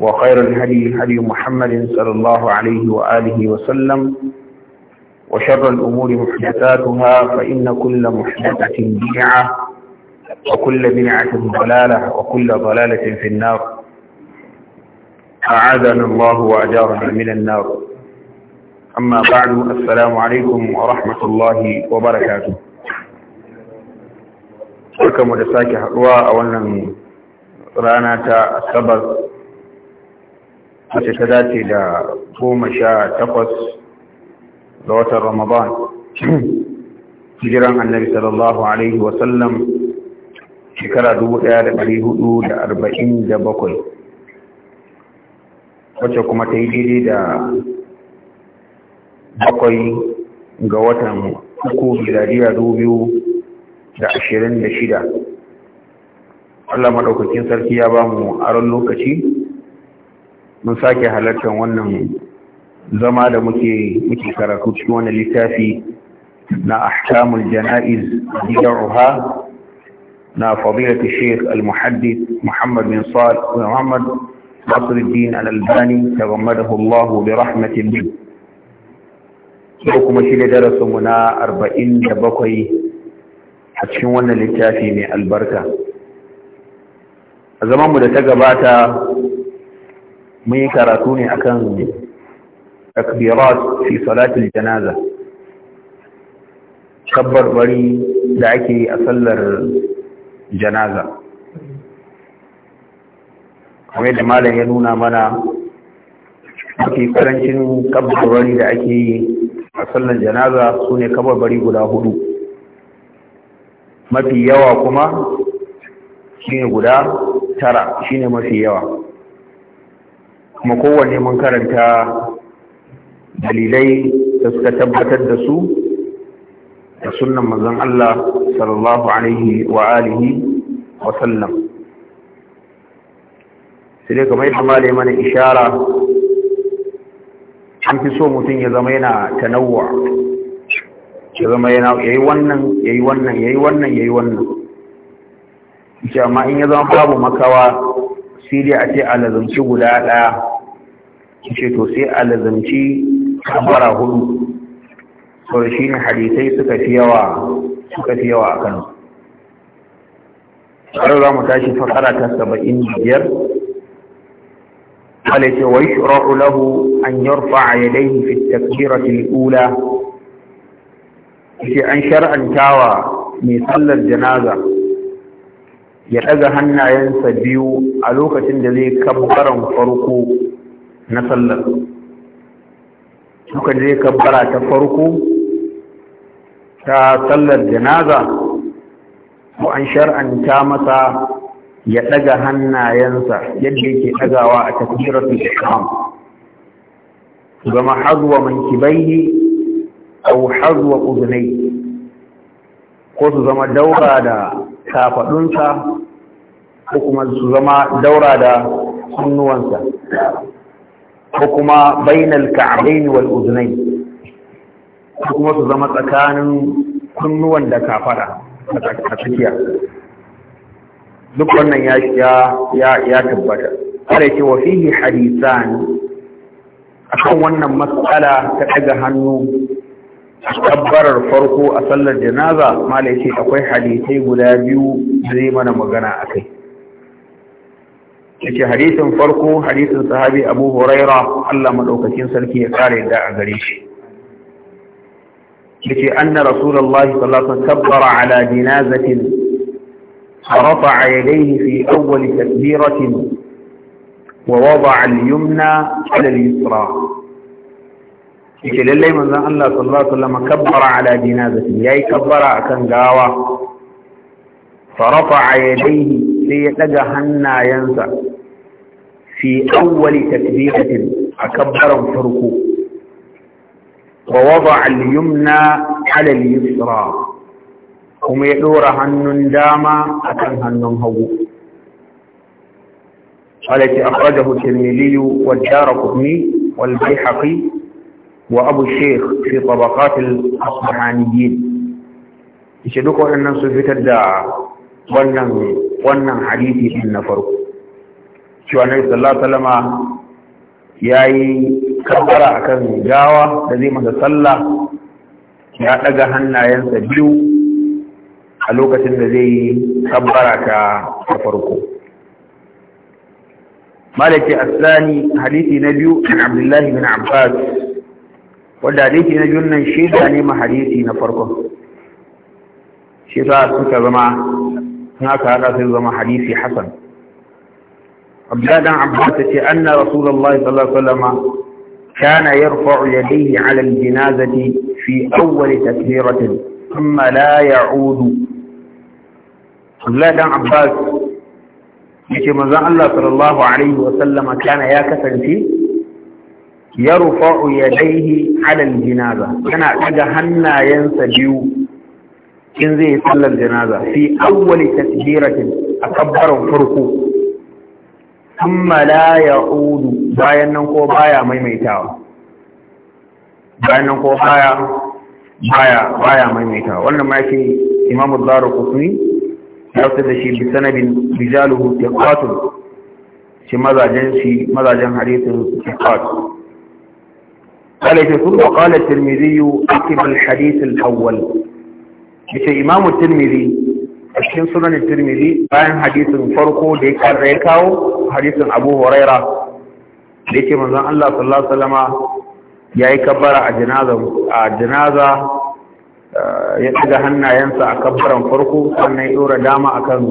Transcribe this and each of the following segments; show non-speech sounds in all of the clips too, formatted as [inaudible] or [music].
وخير الهدي هدي محمد صلى الله عليه وآله وسلم وشر الأمور محدثاتها فإن كل محدثة بدعة وكل بدعة ضلالة وكل ضلالة في النار أعاذنا الله وأجارنا من النار أما بعد السلام عليكم ورحمة الله وبركاته Barkanmu da sake haɗuwa a wannan rana wacce ta dace da goma sha takwas ga watan ramadan [clears throat] jiran annabi sallallahu alaihi wasallam shekara dubu ɗaya da ɗari hudu da arba'in da bakwai wacce kuma ta yi daidai da bakwai ga watan uku miladiya dubu biyu da ashirin da shida Allah maɗaukakin sarki ya ba mu aron lokaci mun sake halartar wannan zama da muke muke karatu cikin wannan littafi na ahkamul jana'iz bid'uha na fadilat shaykh al-muhaddith Muhammad bin Salih Muhammad Nasir al-Din al-Albani tagammadahu Allah bi rahmatin bi ko kuma shi da darasin mu na 47 a cikin wannan littafi mai albarka a zaman mu da ta gabata mun yi karatu ne akan takbirat fi salatul janaza kabbar bari da ake a sallar janaza kamar da malam ya nuna mana ake karancin bari da ake yi a sallar janaza su ne bari guda hudu mafi yawa kuma shine guda tara shine mafi yawa kuma kowane mun karanta dalilai da suka tabbatar da su da sunan manzon Allah sallallahu alaihi wa alihi wa sallam sai dai kamar yadda malai mana ishara an fi so mutum ya zama yana tanawwa ya zama yana yi wannan ya yi wannan ya yi wannan yayi wannan ita amma in ya zama babu makawa sai dai a ce a lazanci guda ɗaya ce to sai a lazanci kabara hudu sau shi ne hadisai suka fi yawa a kanu ƙarar za mu tashi fakara ta saba'in biyar قال ويشرع له أن يرفع يديه في التكبيرة الأولى ce an shar'antawa mai sallar janaza ya ɗaga hannayensa biyu a lokacin da zai kabbaran farko na sallar suka je kabbara ta farko ta sallar janaza ko an shar'anta masa ya ɗaga hannayensa yadda yake ɗagawa a takbiratul ihram zama hazwa mankibaihi aw hazwa udhnayhi ko su zama daura da kafadunsa ko kuma su zama daura da hannuwansa ko kuma bainal ka'bayn wal udhnayn ko kuma su zama tsakanin kunnuwan da kafara a tsakiya duk wannan ya ya ya tabbata kare ce wa fihi hadithan akan wannan matsala ta daga hannu tabbarar farko a sallar janaza malai akwai hadisai guda biyu zai mana magana akai yake hadisin farko hadisin sahabi abu huraira Allah madaukakin sarki ya kare da a gare shi yake anna rasulullahi sallallahu alaihi wasallam kabbara ala jinazatin فرفع يديه في أول تكبيرة ووضع اليمنى على اليسرى yake lallai manzon Allah sallallahu alaihi wasallam kabbara ala janazati yayi kabbara akan gawa farafa yadayhi sai ya daga hannayensa في أول تكبيرة أكبر فرقه ووضع اليمنى على اليسرى هم يدور هن داما أكن هن هو التي أخرجه الترمذي والدار قطني والبيحقي وأبو الشيخ في طبقات الأصبحانيين يشدكوا أن ننصف تدعى ونن حديثي إن فرقه cewa na sallallahu salama ya yi kafara a kan gawa da zai masa sallah ya daga hannayensa biyu a lokacin da zai yi kafara ta farko malaki asani hadisi na biyu an abdullahi bin abbas wadda hadisi na biyun nan shaida ne ma hadisi na farkon shi sa suka zama in aka haɗa sai zama hadisi hasan عبادة عبادة أن رسول الله صلى الله عليه وسلم كان يرفع يديه على الجنازة في أول تكبيرة ثم لا يعود عبادة عبادة يتي مزا الله صلى الله عليه وسلم كان ياكسا في يرفع يديه على الجنازة كان أجهن ينسجيو إن ذي صلى الجنازة في أول تكبيرة أكبر فرقه thumma la ya'udu bayan nan ko baya maimaitawa bayan nan ko baya baya baya maimaitawa wannan ma yake Imam Ad-Darqutni ya fitar da shi bi sanadin rijaluhu thiqatun shi mazajen shi mazajen hadisin thiqat قال في ثم قال الترمذي أكتب الحديث الأول بشي إمام الترمذي a cikin sunanin tirmidhi bayan hadisin farko da ya ya kawo hadisin abu huraira da yake manzon Allah sallallahu alaihi wasallama yayi kabbara a janaza a janaza eh, ya daga hannayensa a kabbaran farko sannan ya dora dama akan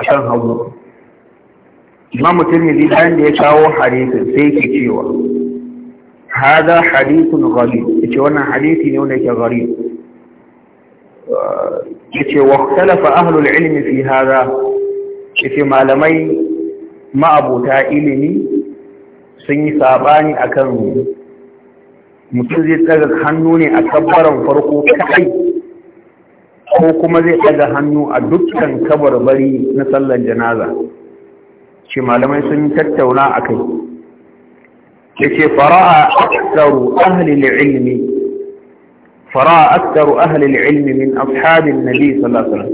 akan hagu Imam Tirmidhi bayan da ya kawo hadisin sai yake cewa hada hadithun gharib yace wannan hadisi ne wanda yake gharib eh, yace wa ahlul ilmi fi hada yace malamai ma'abuta ilimi sun yi sabani akan mutum zai tsaga hannu ne a kabbaran farko kai ko kuma zai tsaga hannu a dukkan bari na sallar janaza shi malamai sun tattauna akai yace a aktsaru ahli ilmi فراى اكثر اهل العلم من اصحاب النبي صلى الله عليه وسلم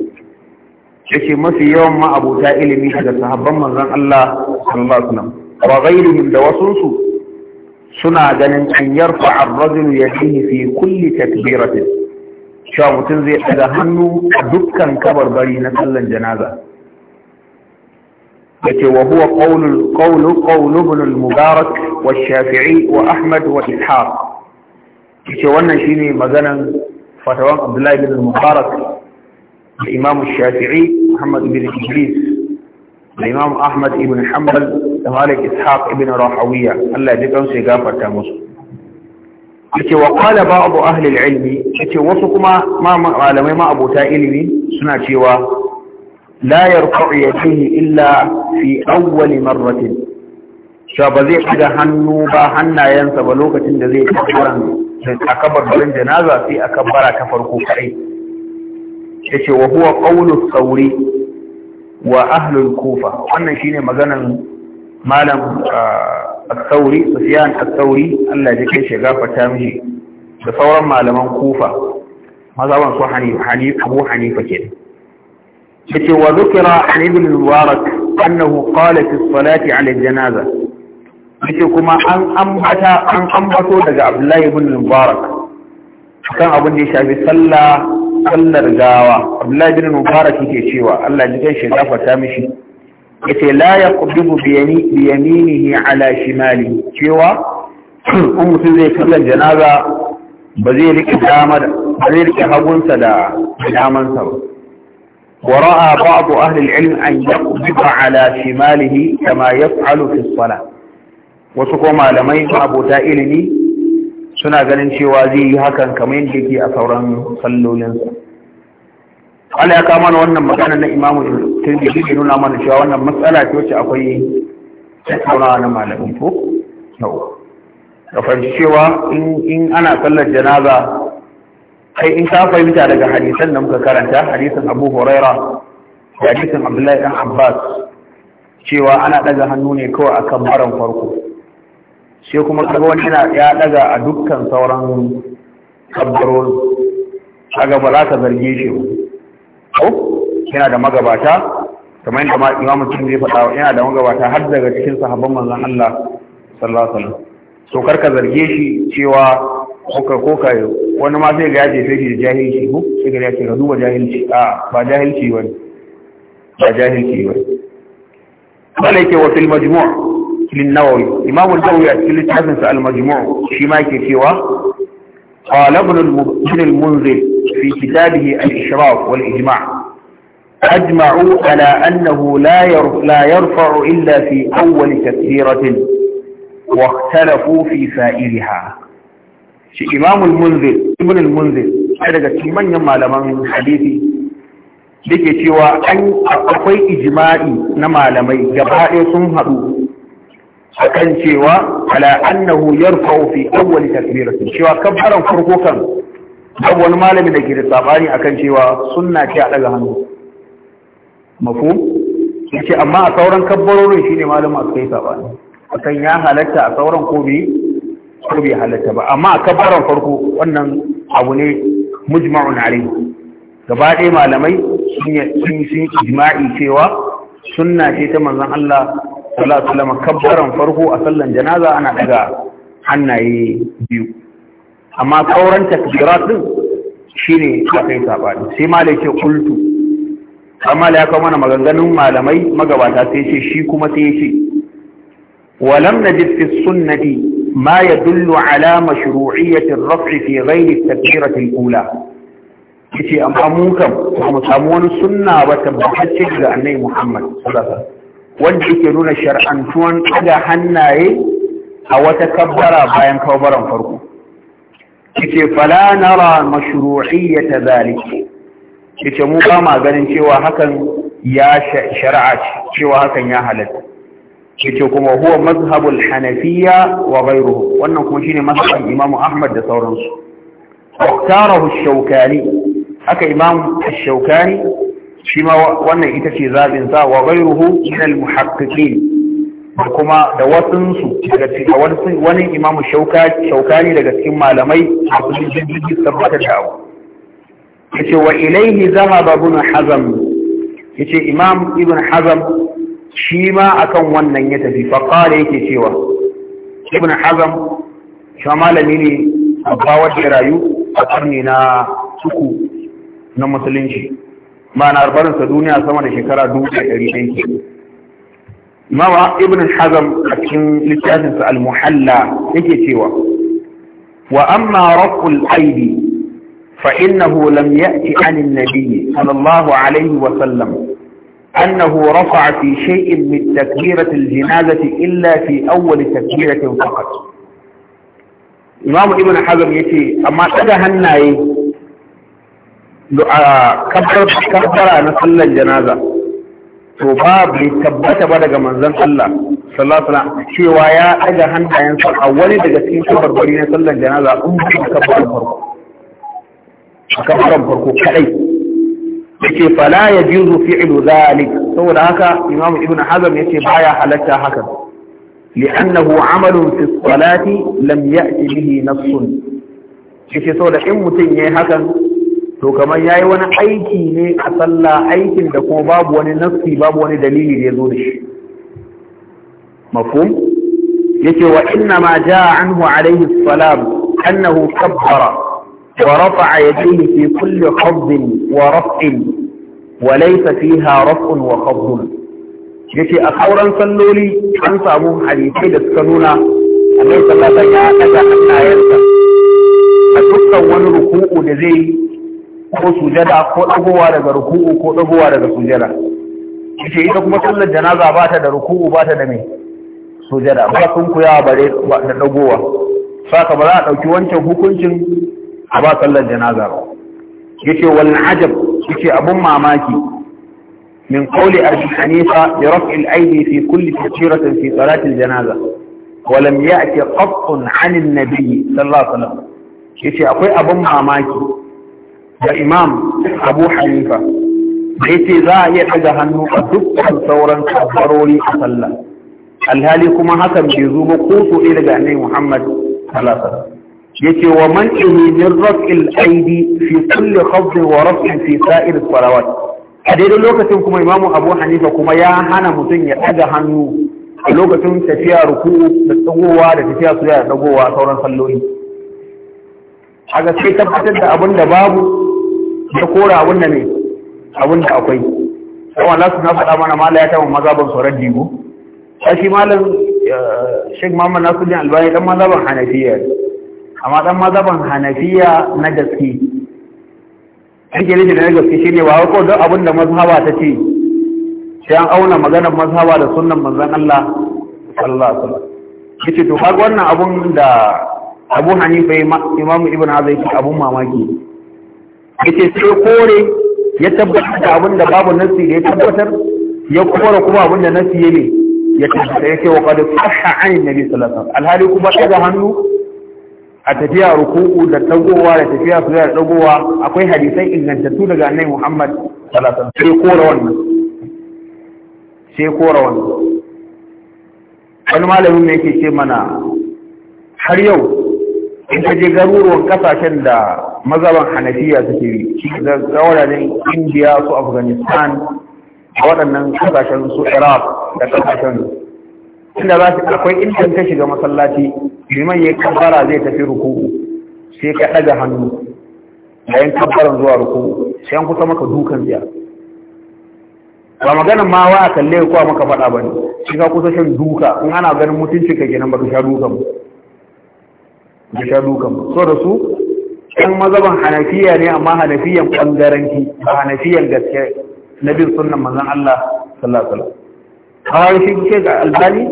شيء ما في يوم ما ابو تائل من هذا الصحابه من ذن الله صلى الله عليه وسلم وغيرهم دوسوا سنا غنن ان يرفع الرجل يديه في كل تكبيره شو متن زي ادا hannu dukkan kabar bari na sallan janaza قول wa huwa qawlul qawlu qawlu ibn al ce wannan shine maganan fatawan Abdullahi bin Mubarak da Imam Shafi'i Muhammad bin Idris da Imam Ahmad ibn Hanbal da Malik Ishaq ibn Rahawiya Allah ya kansu ya gafarta musu yace wa qala ba'd ahli al-ilmi yace wasu kuma malamai ma abota ilimi suna cewa la yarfa'u yadihi illa fi awwal marratin sha ba zai da hannu ba hannayensa ba lokacin da zai fara a kabarbarin janaza sai a kabbara ta farko Ya ce wa huwa qawlu sauri wa ahlul kufa wannan shine maganan malam al sauri sufyan al-thawri Allah ya kai shi gafarta mishi da sauran malaman kufa mazhaban su hanifa abu hanifa kenan yace wa dhukira an ibn al-mubarak annahu qala fi salati 'ala al-janaza yake kuma an ambata an ambato daga Abdullahi ibn Mubarak kan abin da ya shafi sallah sallar gawa Abdullahi ibn Mubarak yake cewa Allah ji kai shi gafarta mishi yace la yaqbidu bi yaminihi ala shimali cewa in mutum zai sallar janaza ba zai rike dama ba zai rike hagunsa da damansa ba ورأى بعض أهل العلم أن ala على شماله كما يفعل في الصلاة wasu ko malamai ko abota ilimi suna ganin cewa zai yi hakan kamar yadda yake a sauran sallolinsa Allah ya kama mana wannan magana na imamu tirmidhi da nuna mana cewa wannan matsala ce wacce akwai tattaunawa na malamin ko na'u da fahimci cewa in ana sallar janaza kai in ka fahimta daga hadisan da muka karanta hadisan abu huraira da hadisan abdullahi dan abbas cewa ana daga hannu ne kawai akan maran farko shi kuma kaga wani yana ya daga a dukkan sauran kabbaro a gaba za ka zarge shi ko yana da magabata kamar yadda ma imam mutum zai faɗa yana da magabata har daga cikin sahabban manzon Allah sallallahu alaihi wasallam so karka zarge shi cewa koka koka wani ma sai ga ya jefe shi da jahilci ko sai ga ya ce ka duba jahilci a ba jahilci wani ba jahilci bane wala yake wa fil majmu' للنووي إمام النووي أتكلم لتحسن سأل مجموع شماكي سوى قال ابن المنذر في كتابه الإشراف والإجماع أجمعوا على أنه لا يرفع إلا في أول تكبيرة واختلفوا في فائلها إمام المنذر ابن المنذر هذا كمان يما لمن حديثي da ke cewa an akwai ijima'i na malamai gaba ɗaya sun haɗu akan cewa ala annahu yarfa'u fi awwal takbiratin cewa kabbaran farko kan dan wani malami da ke da sabani akan cewa sunna ce a daga hannu mafu yace amma a sauran kabbarorin shine malamin aka yi sabani akan ya halatta a sauran ko bi ko bi halatta ba amma a kabbaran farko wannan abu ne mujma'un alayhi gaba ɗaya malamai sun yi ijma'i cewa sunna ce ta manzon Allah sallallahu alaihi wasallam kabbaran farko a sallan janaza ana daga hannaye biyu amma sauran takbirat din shine akai sabani sai malai ce kultu amma ya kawo mana maganganun malamai magabata sai ce shi kuma sai ce walam najid fi sunnati ma yadullu ala mashru'iyyati ar-raf'i fi ghairi at-takbirati al-ula yace amma mu kam mu samu wani sunna ba ciki ga annabi Muhammad wanda yake nuna shar'antuwan ɗaga hannaye a wata kabbara bayan kabbaran farko yace fala nara zali. zalik yace mu ba ma ganin cewa hakan ya shar'a cewa hakan ya halatta yace kuma huwa mazhabul hanafiya wa ghayruhu wannan kuma shine mazhabin Imam Ahmad da sauransu اختاره الشوكاني haka Imam الشوكاني shi ma wannan ita ce zaɓin sa wa ghayruhu min al-muhaqqiqin kuma da wasunsu daga cikin wani wani imamu shaukani daga cikin malamai a cikin jirgin tabbata da abu yace wa ilaihi zahaba ibn hazm yace imam ibn hazm shi ma akan wannan ya tafi fa qala yake cewa ibn hazm shi malami ne babba wanda rayu a karni na uku na musulunci معنى أربعين سدوني أسمان الشكرة دوجة أريدين ما هو ابن الحزم أكين لتأسس المحلى إيكي سوى وأما رفع الأيدي فإنه لم يأتي عن النبي صلى الله عليه وسلم أنه رفع في شيء من تكبيرة الجنازة إلا في أول تكبيرة فقط إمام ابن حزم يتي أما تدهن نايه kabbara na sallar janaza to ba bai tabbata ba daga manzon Allah sallallahu alaihi cewa ya daga hannayensa a wani daga cikin kabarbari na sallar janaza in ba kabbaran farko a kabbaran farko kadai yake fala yajuzu fi'lu dhalik saboda haka imamu ibn hazm yace baya halatta haka li'annahu amalun fi salati lam ya'ti bihi nassun yake saboda in mutum yayi hakan to kamar yayi wani aiki ne a sallah aikin da ko babu wani nassi babu wani dalili da yazo da shi mafhum yake wa inna ma jaa anhu alayhi salam annahu kabbara wa rafa'a yadayhi fi kulli khafdin wa raf'in wa laysa fiha raf'un wa khafdun yake a sauran salloli an samu hadisi da suka nuna Allah sallallahu alaihi wa ya daga hannayensa a dukkan wani ruku'u da zai yi ko sujada ko dagowa daga ruku'u ko dagowa daga sujada yace ita kuma sallar janaza ba ta da ruku'u ba ta da me sujada ba sun kuya bare da dagowa saka ba za a dauki wancan hukuncin a ba sallar janaza ba yace wal ajab yace abun mamaki min qawli abi hanifa bi raf'il aidi fi kulli takbiratin fi salati al janaza ولم يأتي قط عن النبي صلى الله عليه وسلم yace akwai abun mamaki da imam abu hanifa da yace za a iya daga hannu a dukkan sauran kafarori a sallah alhali kuma hakan bai zo ba ko so ɗaya daga annabi muhammad sallallahu yace wa man ihi min aidi fi kulli khafd wa raf'in fi sa'ir salawat a daidai lokacin kuma imam abu hanifa kuma ya hana mutum ya daga hannu a lokacin tafiya ruku da tsagowa da tafiya suya da tsagowa sauran salloli a gaske tabbatar da abin da babu ya kora abin da ne abin da akwai sau Allah su na faɗa mana mala ya taɓa ban sauran digo shi malam shek mamman nasuddin albani dan ban hanafiya amma dan ban hanafiya na gaske ake nufi da na gaske shi ne, ba wa duk abin da mazhaba ta ce sai an auna maganar mazhaba da sunan manzon Allah sallallahu alaihi wasallam yace to kaga wannan abun da Abu Hanifa Imam Ibn Hazm yake abun mamaki yace sai kore ya tabbatar da abin da babu nasi da ya tabbatar ya kore kuma abin da nasi ya ne ya tabbatar yace wa qad sahha an nabi sallallahu alaihi wasallam alhali kuma daga hannu a tafiya ruku'u da tagowa da tafiya su da tagowa akwai hadisai ingantattu daga annabi Muhammad sallallahu alaihi wasallam sai kore wannan sai kore wannan wani malamin ne yake ce mana har yau in ka je garuruwan kasashen da mazaban hanafiya suke yi shi da wuraren indiya su afghanistan a waɗannan kasashen su iraq da kasashen inda za su akwai inda ta shiga masallaci liman ya kabbara zai tafi ruku sai ka ɗaga hannu yayin kabbaran zuwa ruku sai an kusa maka dukan tsiya ba maganin ma wa a kalle ko maka faɗa ba ne shi ka kusa shan duka in ana ganin mutunci ka kenan ka sha dukan ba ka sha dukan ba so da su ɗan mazaban hanafiya ne amma hanafiyan ɓangaranci ba hanafiyan gaske na bin sunan mazan Allah sallallahu alaihi wasallam kawai shi ga albani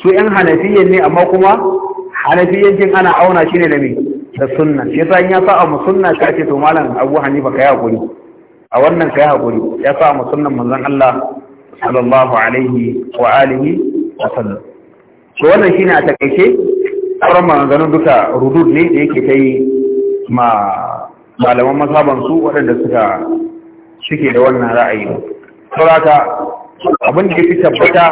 su ɗan hanafiyan ne amma kuma hanafiyancin ana auna shi ne da me da sunna shi yasa in ya sa mu sunna shi ake to malam Abu Hanifa kai hakuri a wannan kai hakuri ya sa mu sunnan mazan Allah sallallahu alaihi wa alihi wa sallam to wannan shine a takaice sauran maganganun duka rudud ne da yake yi. ma malaman masaban su waɗanda suka shike da wannan ra'ayi sauraka abin da ya fi tabbata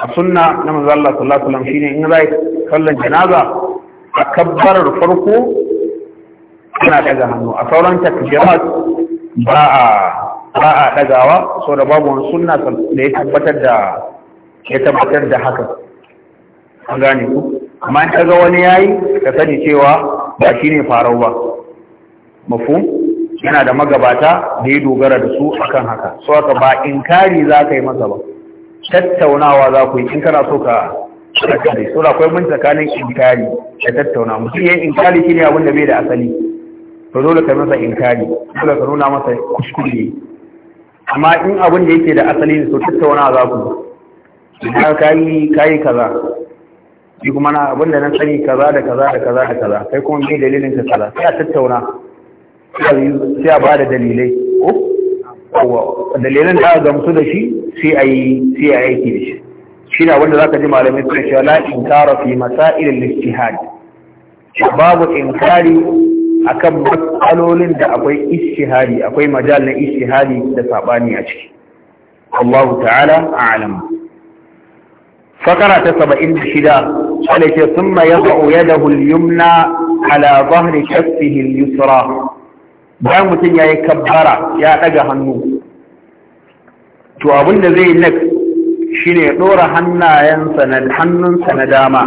a sunna na manzo Allah sallallahu alaihi wasallam shine in zai sallan janaza a farko ana daga hannu a sauran takbirat ba a ba a dagawa saboda babu wani sunna da ya tabbatar da ya tabbatar da haka an gane ku amma in kaga wani yayi ka sani cewa ba shi ne farau ba mafum yana da magabata da ya dogara da su akan haka so haka ba inkari za ka yi masa ba tattaunawa za ku yi in kana so ka tattare so da akwai mun tsakanin inkari da tattauna mutum yin inkari shine abin da bai da asali to dole ka masa inkari dole ka nuna masa kuskure amma in abin da yake da asali ne so tattaunawa za ku yi kayi kayi kaza shi kuma na abin da na sani kaza da kaza da kaza da kaza kai kuma mai dalilin ka kaza sai a tattauna sai a ba da dalilai ko dalilan da aka gamsu da shi sai a yi sai a aiki da shi shi na wanda zaka ji malamai suna cewa la inkara fi masail al-ijtihad babu inkari akan matsalolin da akwai ijtihadi akwai majal na ijtihadi da sabani a ciki Allah ta'ala a a'lam fakara ta 76 wanda ke sun ma ya za'u ya da hulyumna ala zahri kafihil yusra bayan mutum ya yi kabbara ya ɗaga hannu to abin da zai nak shi ne ɗora hannunsa na dama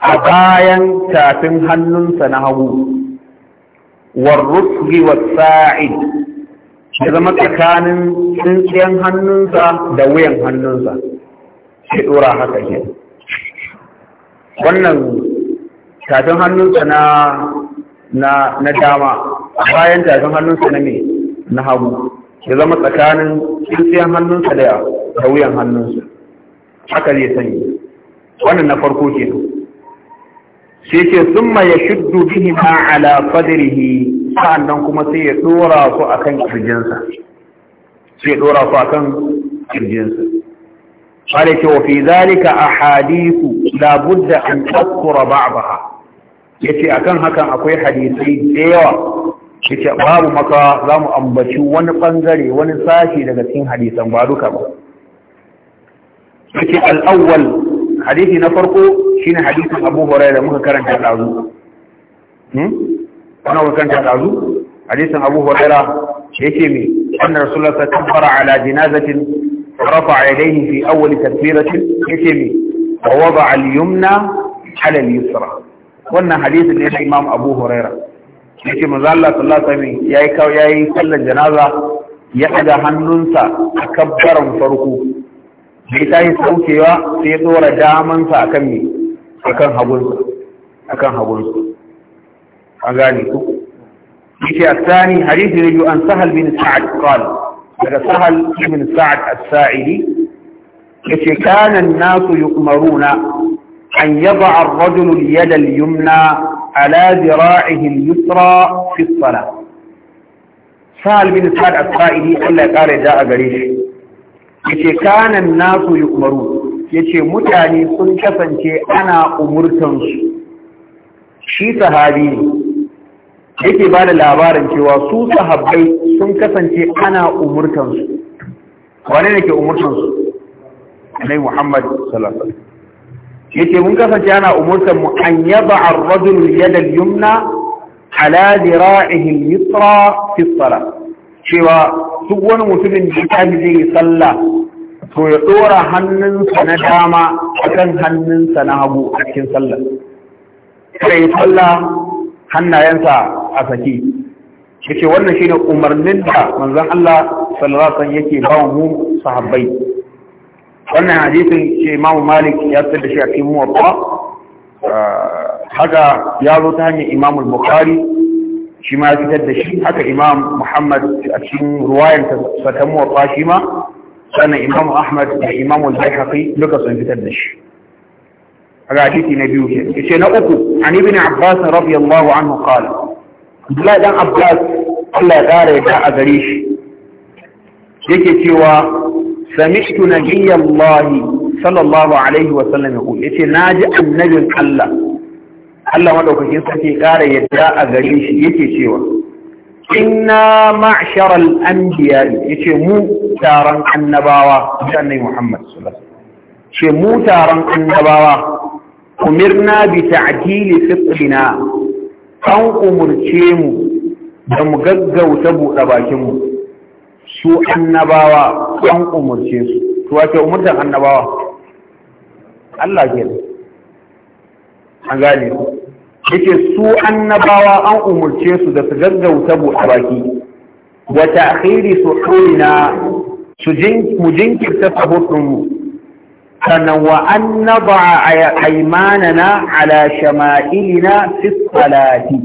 a bayan tafin hannunsa na hagu warrufi wa sa'id ya zama tsakanin tsintsiyan hannunsa da wuyan hannunsa shi ɗora haka ke. wannan tafin hannunsa na na dama bayan tafin hannunsa na me na hagu ya zama tsakanin tsintsiyan hannunsa da kauyen hannunsa haka zai sanyi wannan na farko ke sai ce summa ya shuddu bihi ma ala qadrihi sa'annan kuma sai ya dora su akan kirjinsa sai ya dora su akan kirjinsa قال وفي ذلك أحاديث labudda an takkura ba'daha yace akan hakan akwai hadisai da yawa yace babu maka zamu ambaci wani bangare wani sashi daga cikin hadisan ba duka ba yace al-awwal hadisi na farko shine hadisin Abu Hurairah muka karanta dazu hmm ana muka karanta dazu hadisin Abu Hurairah yace me anna rasulullah sallallahu alaihi wasallam ala janazatin rafa'a yadayhi fi awwal takbiratin yace me wa waba al-yumna ala al-yusra wannan hadisi ne na Imam Abu Huraira yake manzo Allah sallallahu alaihi wasallam yayi kawo yayi sallar janaza ya daga hannunsa a kabbaran farko sai ta yi saukewa sai ya dora sa akan me akan hagunsa akan hagunsa an gane ku يجي الثاني حديث يجي Sahal bin Sa'ad سعد daga Sahal bin Sa'ad سعد الساعدي yace kana nasu yu'maruna an yad'a ar-rajulu al-yada al-yumna ala dira'ihi al-yusra fi as-salah sa'al bin sa'ad as-sa'idi Allah ya kare da a gare shi yace kana nasu yu'maru yace mutane sun kasance ana umurtan su shi sahabi ne yake ba da labarin cewa su sahabbai sun kasance ana umurtan su wane ne ke umurtan su annabi Muhammad sallallahu alaihi wasallam yace mun kasance ana umurtan mu an yaba ar-rajul yada al-yumna ala dira'ihi al-yusra fi salat cewa duk wani mutumin da ya zai yi sallah to ya dora hannunsa na dama akan hannunsa na hagu a cikin sallah sai sallah hannayensa a saki yace wannan shine umarnin da manzon Allah sallallahu alaihi wasallam yake ba mu sahabbai wannan hadisin ce Imam malik ya fitar shi a cikin muwatta haka ya zo ta hanyar Imam bukhari shi ma ya fitar da shi haka imam muhammad a cikin ruwayan ta ta muwatta shi ma sannan Imam ahmad da Imam al bayhaqi duka sun fitar da shi haka hadisi na biyu ke ce na uku an ibn abbas radiyallahu anhu qala Abdullah dan abbas Allah ya kare ta a gare shi yake cewa sami'tu nabiyallahi sallallahu alaihi wa sallam yaqul yace naji annabin Allah Allah madaukakin sarki kara yadda a gare shi yake cewa inna ma'shar al-anbiya yace mu taron annabawa annabi Muhammad sallallahu alaihi wasallam mu taron annabawa umirna bi ta'jili fitrina an umurce mu da mu gaggauta buɗe bakinmu su annabawa an umarce su to wace umurtan annabawa Allah ke an gane su yake su annabawa an umarce su da su gaggauta buɗe baki wa ta'khiri suhurina su mu jinkirta mu sannan wa annaba aymanana ala shama'ilina fi salati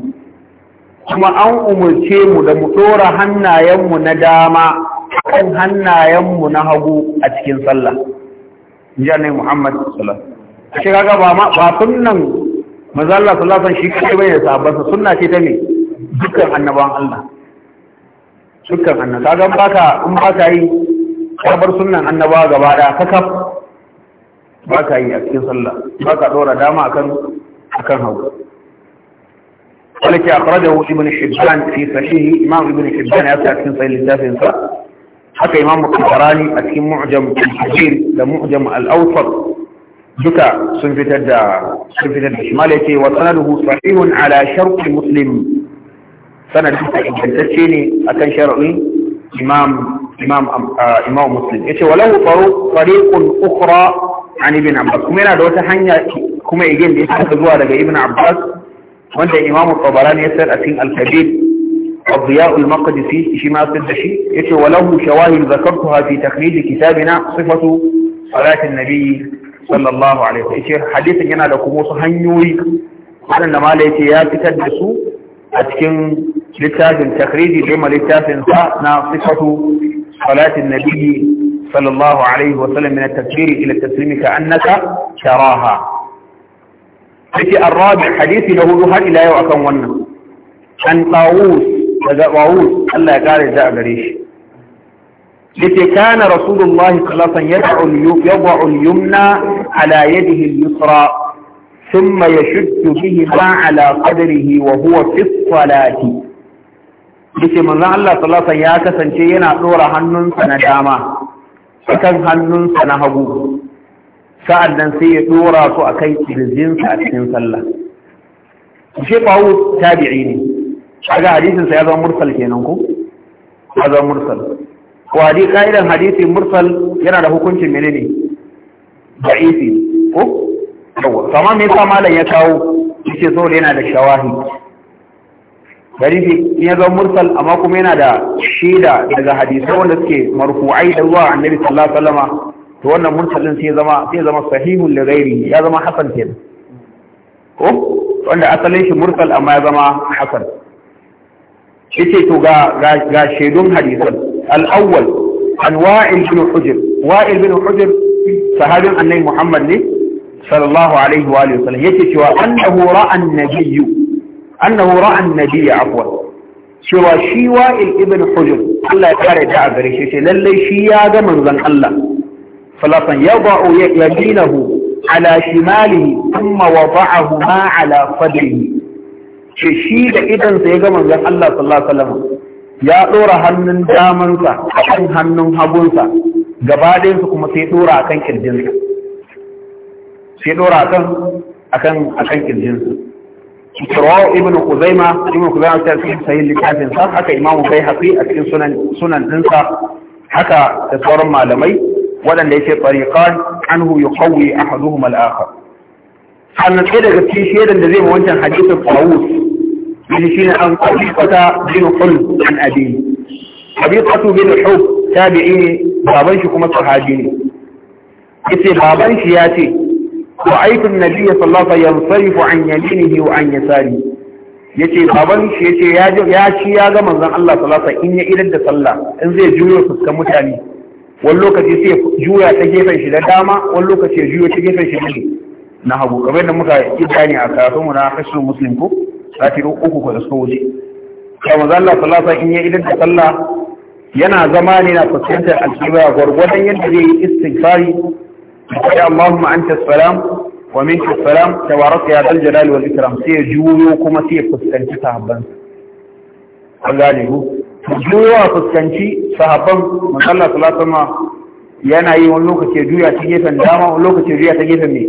kuma an umurce mu da mu ɗora hannayenmu na dama kan hannayenmu na hagu a cikin sallah jiya ne muhammad sallah shi kaga ba ma ba sunan manzo Allah sallallahu alaihi shi kai bai da sun sunna ce ta ne dukkan annabawan Allah dukkan annabawa kaga baka in baka yi karbar sunan annaba gaba da kakaf baka yi a cikin sallah baka dora dama akan akan hagu ولك أخرجه ابن حبان في صحيح إمام ابن حبان يأتي في صحيح الثالث haka imam al-qarani a cikin mu'jam al-kabir da mu'jam al-awsat duka sun fitar da sun fitar da shi malaka wa sanaduhu sahihun ala sharqi muslim sanadin sa ingantacce ne akan shar'i imam imam uh, imam muslim yace walahu tariqun ukhra an ibn abbas kuma yana da wata hanya kuma igin da yake zuwa daga ibn abbas wanda imam al-tabarani ya sayar a cikin al-kabir الضياء المقدسي شما الدشي إيش وله شواهد ذكرتها في تخليل كتابنا صفة صلاة النبي صلى الله عليه وسلم إيش حديث جنا لكم صهنيوي أنا لما ليت يا كتاب دسو أتكن لتاج التخريج لما لتاج صنع صفة صلاة النبي صلى الله عليه وسلم من التكبير إلى التسليم كأنك تراها إيش الرابع حديث له ذهر إلى يوم أكون أن طاووس daga wawun Allah ya kare da a gare shi yake kana rasulullahi sallallahu alaihi wasallam yumna ala yadihi al-yusra thumma yashuddu bihi ma ala qadrihi wa huwa fi salati yake manzon Allah sallallahu alaihi ya kasance yana dora hannunsa na dama akan hannunsa na hagu sa'an nan sai ya dora su akan kirjinsa a cikin sallah shi bawu tabi'i ne kaga hadisin sa ya zama mursal kenan ko ya zama mursal ko hadisi kaidan hadisi mursal yana da hukuncin menene da'ifi ko yawa kama me yasa malam ya kawo yace saboda yana da shawahi garibi ya zama mursal amma kuma yana da shaida daga hadisai wanda suke marfu'ai da zuwa annabi sallallahu alaihi wasallam to wannan mursalin sai zama sai zama sahihun li ghairi ya zama hasan kenan ko wanda asalin shi mursal amma ya zama hasan yace to ga ga shaidun hadisan al-awwal an wa'il bin hujr wa'il bin hujr sahabin annabi Muhammad ne sallallahu alaihi wa alihi wasallam yace cewa annahu ra'a an-nabiy annahu ra'a an-nabiy afwan cewa shi wa'il ibn hujr Allah ya kare da a gare shi sai lalle shi ya ga manzon Allah sallallahu ya ba'u yaminahu ala shimalihi thumma wada'ahu ma ala fadlihi ce shi da idansa ya ga manzon Allah sallallahu alaihi ya ɗora hannun damansa a kan hannun hagunsa gaba ɗayansu kuma sai ɗora a kan ƙirjinsa sai ɗora a kan a kan ƙirjinsa Ibn Kuzaima, Ibn Kuzaima ta cikin sayin littafinsa, haka Imamu Kai Hafi a cikin sunan ɗinsa, haka da sauran malamai waɗanda yake tsariƙan anhu ya kawai a haduhu mal'akar. Sannan ɗaya daga cikin shaidan da zai ma wancan hadisin Tawus من شين عن قبيقة بن حلم عن أبيه قبيقة بن حب تابعيني بابنش كما صحابيني إذا بابنش ياتي رأيت النبي صلى الله عليه وسلم ينصرف عن يمينه وعن يساره yace baban shi yace ya ji ya ci ya ga manzon Allah sallallahu alaihi in ya idar da sallah in zai juyo fuskan mutane wani lokaci sai juya ta gefen shi da dama wani lokaci ya juyo ta gefen shi na hagu kamar da muka yi a karatunmu na hashin muslim ko sati uku ko da suka wuce sai manzo Allah sallallahu in ya idan da sallah yana zama ne na fuskantar alƙibla gwargwadon yadda zai yi istighfari ya Allahumma anta salam wa minka salam tabaraka ya dal jalali wal ikram sai juyo kuma sai fuskanci sahabban an gane ku juyo a fuskanci sahabban manzo Allah sallallahu alaihi yana yi wani lokaci juya ta gefen dama wani lokaci juya ta gefen ne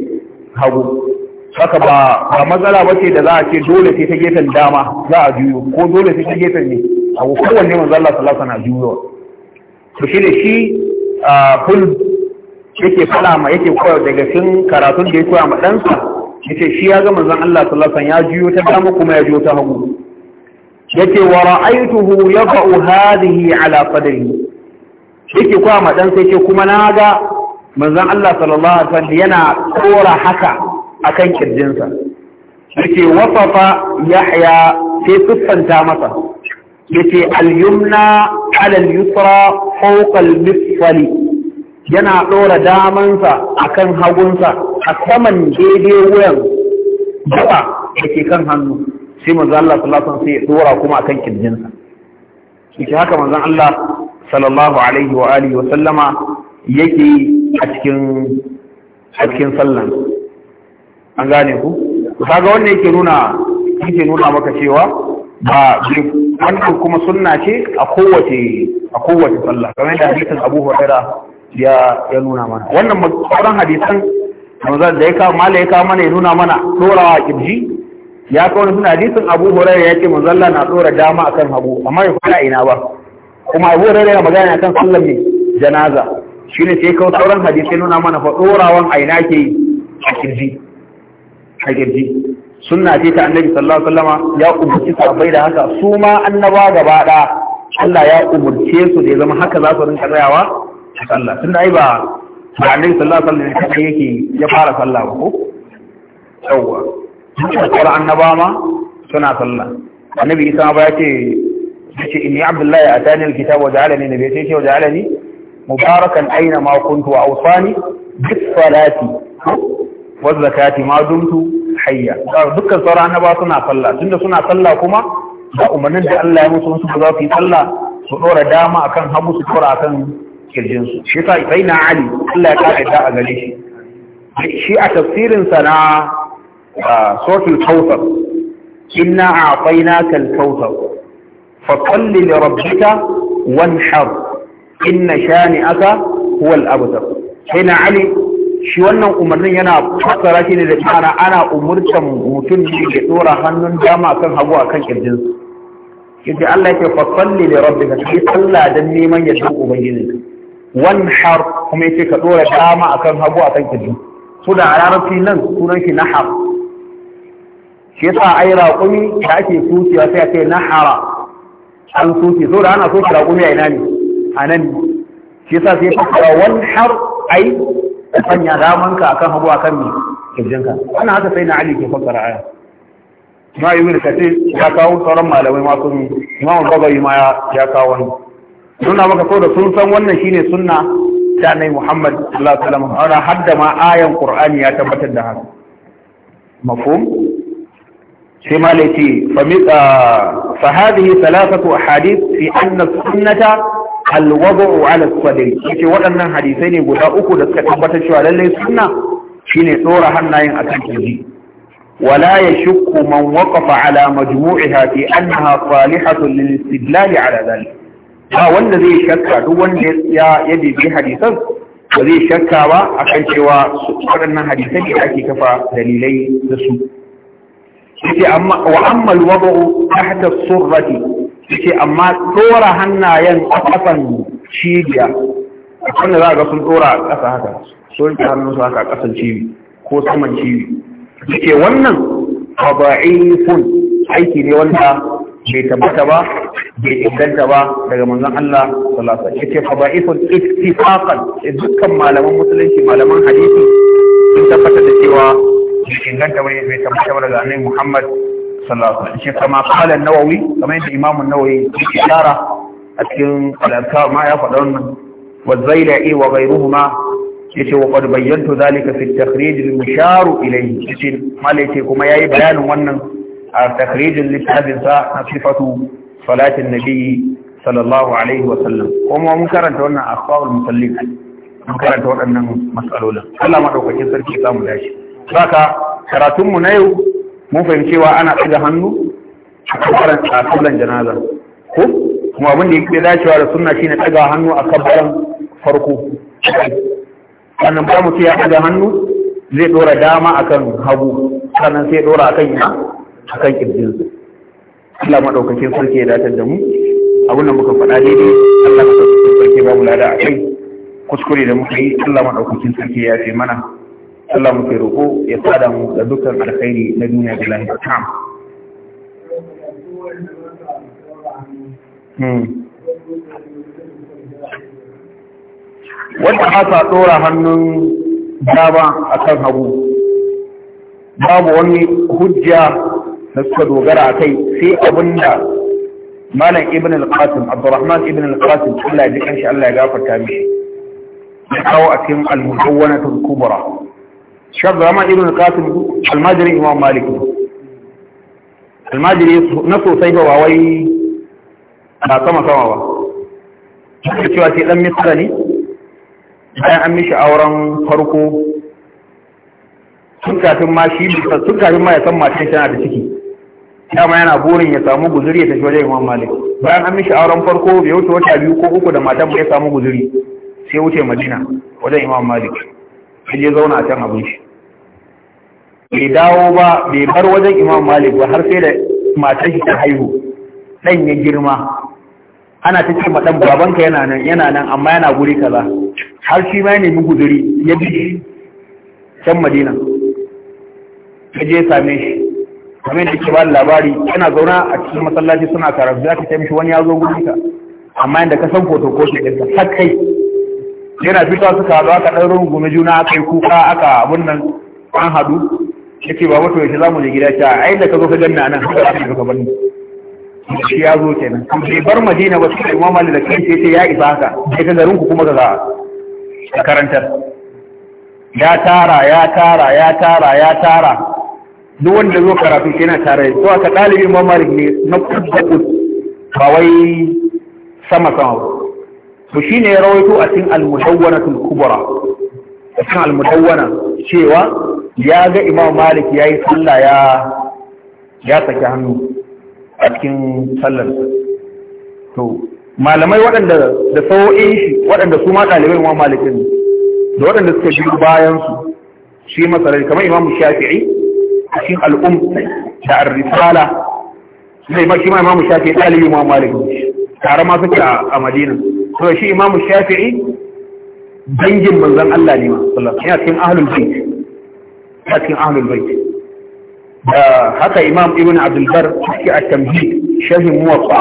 hagu haka ba ba matsala ba ce da za a ce dole sai ta gefen dama za a juyo ko dole sai ta gefen ne a kowanne manzo Allah sallallahu alaihi juyo to shi da shi a kul yake fada ma yake koyar daga cikin karatun da ya koya ma ɗansa yace shi ya ga zan Allah sallallahu alaihi ya juyo ta dama kuma ya juyo ta hagu yace wa ra'aytuhu yaqa'u hadhihi ala qadrihi yake koya ma ɗansa yace kuma na ga manzon Allah sallallahu alaihi wasallam yana tsora haka akan kirjinsa yake wasafa yahya sai siffanta masa yake al-yumna ala al-yusra fawqa al-misfali yana dora damansa akan hagunsa a saman daidai wuyan gaba yake kan hannu sai manzo Allah sallallahu alaihi wasallam sai dora kuma akan kirjinsa yake haka manzon Allah sallallahu alaihi wa alihi wa sallama yake a cikin a cikin sallan an gane ku ku kaga wannan yake nuna yake nuna maka cewa ba wannan kuma sunna ce a kowace a kowace sallah kamar da hadisin Abu Hurairah ya ya nuna mana wannan sauran hadisan manzon da ya kawo mala ya mana ya nuna mana dorawa kibji ya wannan suna hadisin Abu Hurairah ya ce manzon Allah na dora dama akan hagu amma ya fara ina ba kuma Abu Hurairah ya magana akan sallar ne janaza shine sai kawo sauran hadisai nuna mana fa dorawan aina ke a kirji a girji sunna ce ta annabi sallallahu alaihi wasallama ya umurci sahabbai da haka su ma annaba gaba da Allah ya umurce su da ya zama haka za su rinka tsayawa a sallah tunda ai ba ba annabi sallallahu alaihi wasallam kai yake ya fara sallah ba ko yawwa sauran annaba ma suna sallah annabi isa ba ya ce yace inni abdullahi atani alkitab wa ja'alani nabiyyan sai wa ja'alani mubarakan aina ma kuntu wa awsani bis salati wa ma dumtu hayya dukkan sauran na ba suna sallah tunda suna sallah kuma da umarnin da Allah ya musu su za su yi sallah su dora dama akan hagu su dora akan kirjin su shi yasa sai na Ali Allah ya kare ta a gare shi shi a tafsirin sa na suratul kautsar inna a'tainaka al-kautsar fa salli li rabbika wanhar inna shani'aka huwa al-abtar sai na Ali shi wannan umarnin yana fassara shi ne da ma'ana ana umurtan mutum ne ya dora hannun dama kan hagu akan kirjin su yace Allah yake fasalli ne li rabbika kai sallah dan neman ubangiji Wan har kuma ce ka dora dama akan hagu akan kirjin su da ararafi nan sunan shi nahar shi yasa ai raƙumi da ake tuciya sai a ce nahara an tuci so da ana so raƙumi a ina ne a nan shi yasa sai fasara har ai ka sanya damanka akan hagu a kan kirjinka Ana haka sai na ali ke fassara aya ma yi wuri kace ya kawo sauran malamai ma sun imam bagawi ma ya kawo wani nuna maka so da sun san wannan shine sunna ta annabi muhammad sallallahu alaihi wasallam har hadda ma ayan qur'ani ya tabbatar da haka mafhum sai ma laifi ah, fa hadhihi thalathatu ahadith fi anna sunnata alwadu ala sadri yace waɗannan hadisai ne guda uku da suka tabbatar cewa lallai sunna shine tsora hannayen akan kirji wala yashukku man waqafa ala majmu'iha fi annaha salihatun lil istidlal ala dhalik ba wanda zai shakka duk wanda ya ya bibi hadisan ba zai shakka ba akan cewa waɗannan hadisai ne ake kafa dalilai da su yace amma wa amma alwadu tahta surrati suke amma tsora hannayen a ƙasan cibiya a wanda za a ga sun tsora a ƙasa haka so yake hannunsu haka a ƙasan cibi ko saman cibi suke wannan fun aiki ne wanda bai tabbata ba bai inganta ba daga manzon Allah sallallahu alaihi wasallam yake faba'ifun ittifaqan dukkan malaman musulunci malaman hadisi sun tabbata da cewa bai inganta ba bai tabbata ba daga annabi Muhammad sallallahu alaihi wasallam kama qala an-nawawi kama yadda imamu an-nawawi yake shara a cikin al-azkar ma ya faɗa wannan wa zailai wa ghayruhuma yace wa qad bayyantu dhalika fi at-takhrij al-mushar ilayhi yace malai kuma yayi bayanin wannan a takhrijin littafin sa na sifatu salatin nabi sallallahu alaihi wa sallam. kuma mun karanta wannan akhbarul musallin mun karanta waɗannan matsalolin Allah madaukakin sarki samu dashi saka karatunmu na yau mun cewa ana ɗaga hannu a kabbaran a sallan janaza ko kuma abin da yake dacewa da sunna shine ɗaga hannu a kabbaran farko sannan ba mu ya ɗaga hannu zai ɗora dama akan hagu sannan sai ɗora akan ina akan kirjin Allah maɗaukacin sarki ya dace da mu abin da muka faɗa daidai Allah madaukakin sarki ba mu lada a kai kuskure da muka yi Allah maɗaukacin sarki ya ce mana Allah muke roƙo ya sada mu da dukkan alkhairi na duniya da lahiya ta hmm. wanda aka ɗora hannun dama a kan hagu babu wani hujja da suka dogara a kai sai abin da malam ibn al-qasim abdurrahman ibn al-qasim Allah ya ji kanshi Allah ya gafarta mishi ya kawo a cikin al-mujawwanatul kubra shi abdurrahman ibn qasim almajirin imam malik almajiri na sosai ba wawai wai ba sama sama ba shi cewa sai dan misra ne bayan an mishi auren farko tun kafin ma shi tun kafin ma ya san matan tana da ciki dama yana burin ya samu guzuri ya tafi wajen imam malik bayan an mishi auren farko bai wuce wata biyu ko uku da matan ba ya samu guzuri sai wuce madina wajen imam malik sai je zauna a can abin shi bai dawo ba bai bar wajen imam malik ba har sai da matar shi ta haihu dan ya girma ana ta ce madan babanka yana nan yana nan amma yana guri kaza har shi ma ya nemi guduri ya bi can madina ya je same shi kamar da ke ba labari yana zauna a cikin masallaci suna karatu za ka ce wani ya zo guri ka amma yadda ka san foto ko ka har kai yana fitowa suka hadu aka ɗan rungume juna aka yi kuka aka abin nan an haɗu Ya ce baba to yace zamu je gida ta ai da ka zo ka ganna nan haka aka ka bani shi ya zo kenan bai bar madina ba sai imam malik da kansa ce ya isa haka sai ka garin ku kuma ka za karantar ya tara ya tara ya tara ya tara duk wanda zo karatu yana tare to aka dalibi imam malik ne na kudda ba wai sama sama ba to shine ya rawaito a cikin al-mudawwanatul kubra a cikin al-mudawwana cewa ya ga imam malik ya yi sallah ya ya saki hannu a cikin sallar to malamai waɗanda da sau'in shi waɗanda su ma ɗalibai imam malikin da waɗanda suka shi bayan su shi masarari kamar imam shafi'i a cikin al'um da ar-risala sai ma shi ma imam shafi'i ɗalibi imam malikin tare ma suke a madina to shi imam shafi'i dangin manzon Allah ne ma sallallahu alaihi wasallam yana cikin ahlul bayt a cikin ahlul da haka imam ibn abdul bar yake a tamhid shahin muwaffa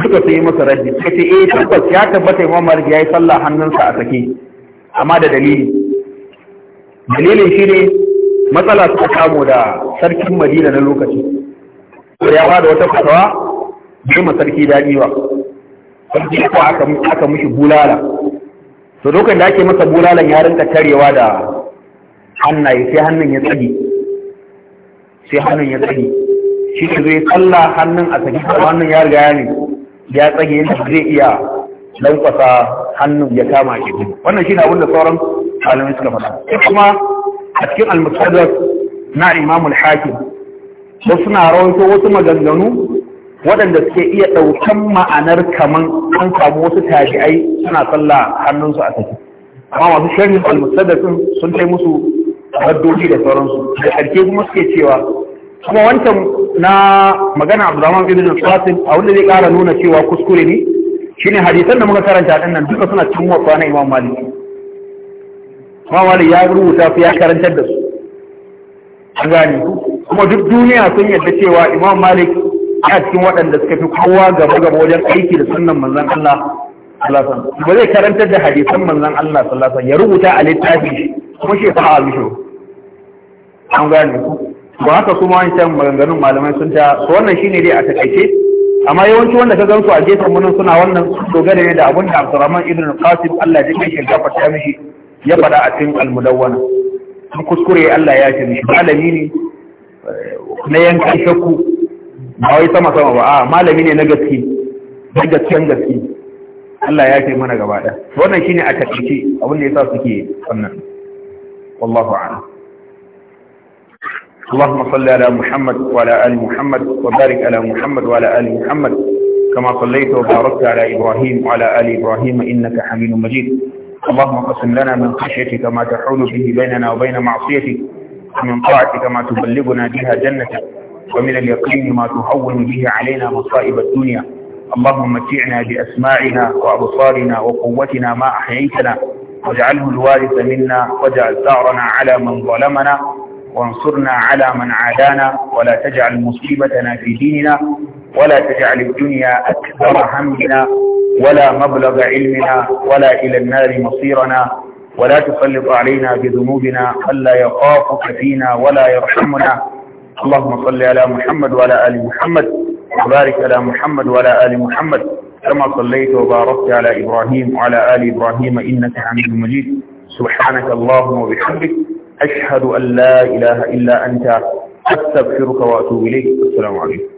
suka sai masa raddi suka ce eh tabbas ya tabbata imam malik yayi sallah hannunsa a sake amma da dalili dalilin shine matsala suka samu da sarkin madina na lokaci to ya bada wata fatawa bai ma sarki dadi ba sarki ko aka aka mishi bulala to lokacin da ake masa bulalan ya rinka tarewa da hannaye sai hannun ya tsage sai hannun ya tsage shi ne zai tsalla hannun a saki kuma hannun ya riga ne ya tsage yadda zai iya lankwasa hannun ya kama shi wannan shi ne abin da sauran malamai suka faɗa sai kuma a cikin almusadar na imamul hakim wasu na rawaito wasu maganganu waɗanda suke iya ɗaukan ma'anar kaman an samu wasu tabi'ai suna sallah hannunsu a saki amma masu sharhin almusadar sun kai musu haddoki da sauransu da ƙarshe kuma suke cewa kuma wancan na magana abdurrahman ibn qasim a wanda zai ƙara nuna cewa kuskure ne shine hadisan da muka karanta din nan duka suna cikin wafa na imam malik imam malik ya rubuta su ya karantar da su an gane kuma duk duniya sun yadda cewa imam malik yana cikin waɗanda suka fi kowa gaba gaba wajen aiki da sunan manzon Allah sallallahu alaihi ba zai karantar da hadisan manzon Allah sallallahu alaihi ya rubuta a littafi kuma shi fa'a mishi an gane ku ba haka kuma wancan maganganun malamai sun ta wannan shine dai a takaice amma yawanci wanda ka gansu a gefen munin suna wannan dogara ne da abin da Abdurrahman ibn Qasim Allah ya kai shi gafarta mishi ya faɗa a cikin almudawwana sun kuskure Allah ya ce mishi malami ne eh, na yanka shakku ba wai sama sama ba a malami ne na gaske na gasken gaske Allah ya ce mana gaba ɗaya wannan shine a takaice abin da yasa suke wannan wallahu a'lam اللهم صل على محمد وعلى آل محمد وبارك على محمد وعلى آل محمد كما صليت وباركت على إبراهيم وعلى آل إبراهيم إنك حميد مجيد اللهم قسم لنا من خشيتك ما تحول به بيننا وبين معصيتك ومن طاعتك ما تبلغنا بها جنتك ومن اليقين ما تهون به علينا مصائب الدنيا اللهم متعنا بأسماعنا وأبصارنا وقوتنا ما أحييتنا واجعله الوارث منا واجعل ثارنا على من ظلمنا وانصرنا على من عادانا ولا تجعل مصيبتنا في ديننا ولا تجعل الدنيا أكبر همنا ولا مبلغ علمنا ولا إلى النار مصيرنا ولا تسلط علينا بذنوبنا ألا يخافك فينا ولا يرحمنا اللهم صل على محمد وعلى آل محمد وبارك على محمد وعلى آل محمد كما صليت وباركت على إبراهيم وعلى آل إبراهيم إنك حميد مجيد سبحانك اللهم وبحمدك ashhadu allah ilaha illa anta astaghfiruka wa atubu ilayk assalamu